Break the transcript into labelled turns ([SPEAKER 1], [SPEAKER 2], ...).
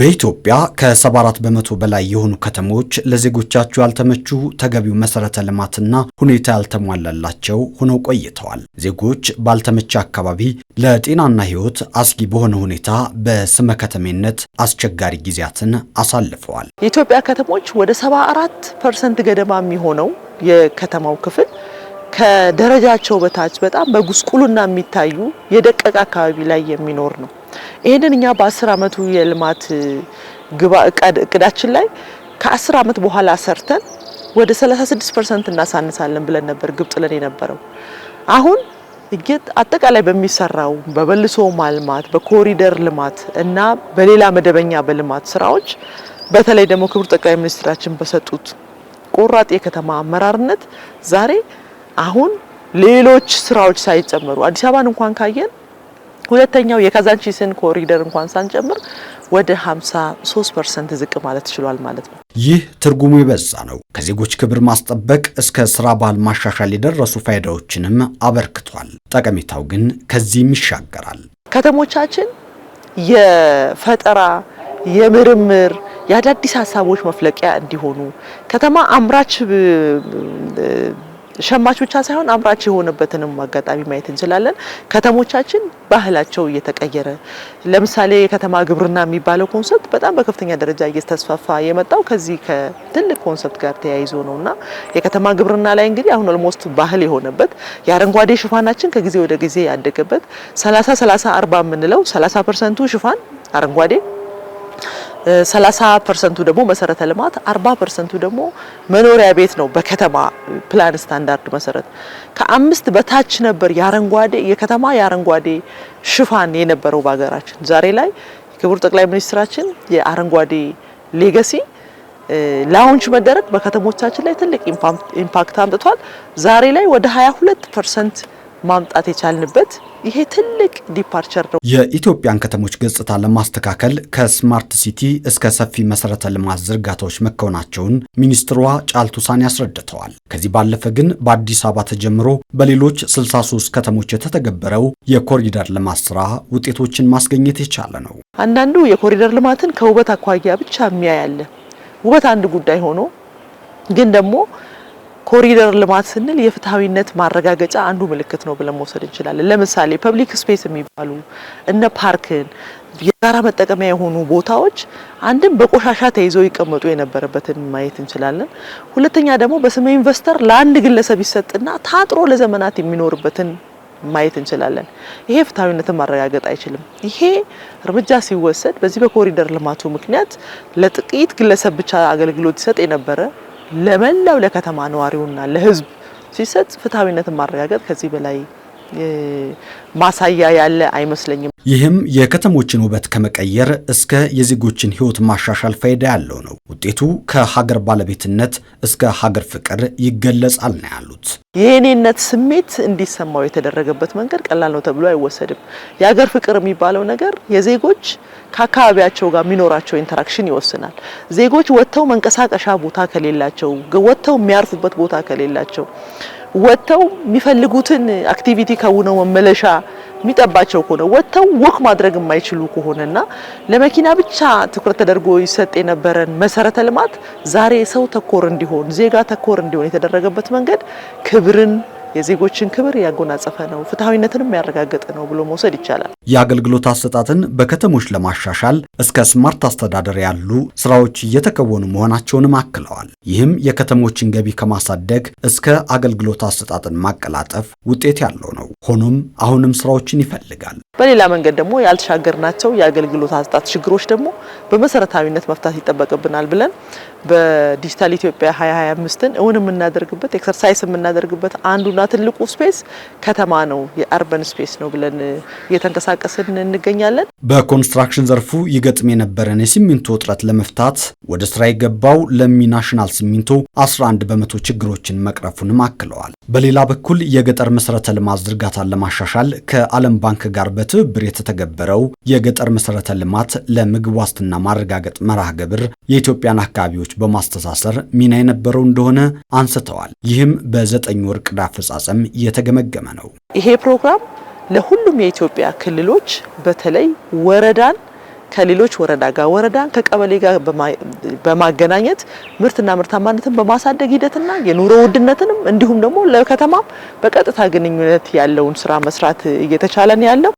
[SPEAKER 1] በኢትዮጵያ ከ74 በመቶ በላይ የሆኑ ከተሞች ለዜጎቻቸው ያልተመቹ ተገቢው መሰረተ ልማትና ሁኔታ ያልተሟላላቸው ሆነው ቆይተዋል። ዜጎች ባልተመቸ አካባቢ ለጤናና ሕይወት አስጊ በሆነ ሁኔታ በስመ ከተሜነት አስቸጋሪ ጊዜያትን አሳልፈዋል።
[SPEAKER 2] የኢትዮጵያ ከተሞች ወደ 74 ፐርሰንት ገደማ የሚሆነው የከተማው ክፍል ከደረጃቸው በታች በጣም በጉስቁልና የሚታዩ የደቀቀ አካባቢ ላይ የሚኖር ነው። ይህንን እኛ በአስር አመቱ የልማት እቅዳችን ላይ ከአስር አመት በኋላ ሰርተን ወደ 36 ፐርሰንት እናሳንሳለን ብለን ነበር ግብ ጥለን የነበረው። አሁን አጠቃላይ በሚሰራው በመልሶ ማልማት በኮሪደር ልማት እና በሌላ መደበኛ በልማት ስራዎች በተለይ ደግሞ ክቡር ጠቅላይ ሚኒስትራችን በሰጡት ቆራጥ የከተማ አመራርነት ዛሬ አሁን ሌሎች ስራዎች ሳይጨመሩ አዲስ አበባን እንኳን ካየን ሁለተኛው የካዛንቺስን ኮሪደር እንኳን ሳንጨምር ወደ 53% ዝቅ ማለት ችሏል ማለት ነው።
[SPEAKER 1] ይህ ትርጉሙ የበዛ ነው። ከዜጎች ክብር ማስጠበቅ እስከ ስራ ባህል ማሻሻል የደረሱ ፋይዳዎችንም አበርክቷል። ጠቀሜታው ግን ከዚህም ይሻገራል።
[SPEAKER 2] ከተሞቻችን የፈጠራ የምርምር የአዳዲስ ሀሳቦች መፍለቂያ እንዲሆኑ ከተማ አምራች ሸማች ብቻ ሳይሆን አምራች የሆነበትንም አጋጣሚ ማየት እንችላለን። ከተሞቻችን ባህላቸው እየተቀየረ ለምሳሌ የከተማ ግብርና የሚባለው ኮንሰፕት በጣም በከፍተኛ ደረጃ እየተስፋፋ የመጣው ከዚህ ከትልቅ ኮንሰፕት ጋር ተያይዞ ነውና የከተማ ግብርና ላይ እንግዲህ አሁን ኦልሞስት ባህል የሆነበት የአረንጓዴ ሽፋናችን ከጊዜ ወደ ጊዜ ያደገበት 30 30 40 የምንለው 30 ፐርሰንቱ ሽፋን አረንጓዴ 30 ፐርሰንቱ ደግሞ መሰረተ ልማት፣ 40 ፐርሰንቱ ደግሞ መኖሪያ ቤት ነው። በከተማ ፕላን ስታንዳርድ መሰረት ከአምስት በታች ነበር የአረንጓዴ የከተማ የአረንጓዴ ሽፋን የነበረው በሀገራችን። ዛሬ ላይ ክቡር ጠቅላይ ሚኒስትራችን የአረንጓዴ ሌገሲ ላውንች መደረግ በከተሞቻችን ላይ ትልቅ ኢምፓክት አምጥቷል። ዛሬ ላይ ወደ 22 ፐርሰንት ማምጣት የቻልንበት ይሄ ትልቅ ዲፓርቸር ነው።
[SPEAKER 1] የኢትዮጵያን ከተሞች ገጽታ ለማስተካከል ከስማርት ሲቲ እስከ ሰፊ መሰረተ ልማት ዝርጋታዎች መከናወናቸውን ሚኒስትሯ ጫልቱሳን ያስረድተዋል። ከዚህ ባለፈ ግን በአዲስ አበባ ተጀምሮ በሌሎች 63 ከተሞች የተተገበረው የኮሪደር ልማት ስራ ውጤቶችን ማስገኘት የቻለ ነው።
[SPEAKER 2] አንዳንዱ የኮሪደር ልማትን ከውበት አኳያ ብቻ የሚያያለ ውበት አንድ ጉዳይ ሆኖ ግን ደግሞ ኮሪደር ልማት ስንል የፍትሐዊነት ማረጋገጫ አንዱ ምልክት ነው ብለን መውሰድ እንችላለን። ለምሳሌ ፐብሊክ ስፔስ የሚባሉ እነ ፓርክን የጋራ መጠቀሚያ የሆኑ ቦታዎች አንድም በቆሻሻ ተይዘው ይቀመጡ የነበረበትን ማየት እንችላለን። ሁለተኛ ደግሞ በስመ ኢንቨስተር ለአንድ ግለሰብ ይሰጥና ታጥሮ ለዘመናት የሚኖርበትን ማየት እንችላለን። ይሄ ፍትሐዊነትን ማረጋገጥ አይችልም። ይሄ እርምጃ ሲወሰድ በዚህ በኮሪደር ልማቱ ምክንያት ለጥቂት ግለሰብ ብቻ አገልግሎት ይሰጥ የነበረ ለመላው ለከተማ ነዋሪውና ለህዝብ ሲሰጥ ፍትሐዊነትን ማረጋገጥ ከዚህ በላይ ማሳያ ያለ አይመስለኝም።
[SPEAKER 1] ይህም የከተሞችን ውበት ከመቀየር እስከ የዜጎችን ሕይወት ማሻሻል ፋይዳ ያለው ነው። ውጤቱ ከሀገር ባለቤትነት እስከ ሀገር ፍቅር ይገለጻል ነው ያሉት።
[SPEAKER 2] የኔነት ስሜት እንዲሰማው የተደረገበት መንገድ ቀላል ነው ተብሎ አይወሰድም። የሀገር ፍቅር የሚባለው ነገር የዜጎች ከአካባቢያቸው ጋር የሚኖራቸው ኢንተራክሽን ይወስናል። ዜጎች ወጥተው መንቀሳቀሻ ቦታ ከሌላቸው፣ ወጥተው የሚያርፉበት ቦታ ከሌላቸው ወጥተው የሚፈልጉትን አክቲቪቲ ከውነው መመለሻ የሚጠባቸው ከሆነ ወጥተው ወክ ማድረግ የማይችሉ ከሆነና ለመኪና ብቻ ትኩረት ተደርጎ ይሰጥ የነበረን መሰረተ ልማት ዛሬ ሰው ተኮር እንዲሆን ዜጋ ተኮር እንዲሆን የተደረገበት መንገድ ክብርን የዜጎችን ክብር ያጎናጸፈ ነው፣ ፍትሐዊነትንም ያረጋገጠ ነው ብሎ መውሰድ ይቻላል።
[SPEAKER 1] የአገልግሎት አሰጣጥን በከተሞች ለማሻሻል እስከ ስማርት አስተዳደር ያሉ ስራዎች እየተከወኑ መሆናቸውንም አክለዋል። ይህም የከተሞችን ገቢ ከማሳደግ እስከ አገልግሎት አሰጣጥን ማቀላጠፍ ውጤት ያለው ነው። ሆኖም አሁንም ስራዎችን ይፈልጋል።
[SPEAKER 2] በሌላ መንገድ ደግሞ ያልተሻገርናቸው የአገልግሎት አሰጣጥ ችግሮች ደግሞ በመሰረታዊነት መፍታት ይጠበቅብናል ብለን በዲጂታል ኢትዮጵያ 2025ን እውን የምናደርግበት ኤክሰርሳይስ የምናደርግበት አንዱና ትልቁ ስፔስ ከተማ ነው፣ የአርበን ስፔስ ነው ብለን እየተንቀሳቀስን እንገኛለን።
[SPEAKER 1] በኮንስትራክሽን ዘርፉ ይገጥም የነበረን የሲሚንቶ እጥረት ለመፍታት ወደ ስራ የገባው ለሚ ናሽናል ሲሚንቶ 11 በመቶ ችግሮችን መቅረፉንም አክለዋል። በሌላ በኩል የገጠር መሰረተ ልማት ዝርጋታን ለማሻሻል ከዓለም ባንክ ጋር በትብብር የተተገበረው የገጠር መሰረተ ልማት ለምግብ ዋስትና ማረጋገጥ መርሃ ግብር የኢትዮጵያን አካባቢዎች በማስተሳሰር ሚና የነበረው እንደሆነ አንስተዋል። ይህም በዘጠኝ ወር ዕቅድ አፈጻጸም እየተገመገመ ነው።
[SPEAKER 2] ይሄ ፕሮግራም ለሁሉም የኢትዮጵያ ክልሎች በተለይ ወረዳን ከሌሎች ወረዳ ጋር ወረዳን ከቀበሌ ጋር በማገናኘት ምርትና ምርታማነትን በማሳደግ ሂደትና የኑሮ ውድነትንም እንዲሁም ደግሞ ለከተማም በቀጥታ ግንኙነት ያለውን ስራ መስራት እየተቻለን ያለው።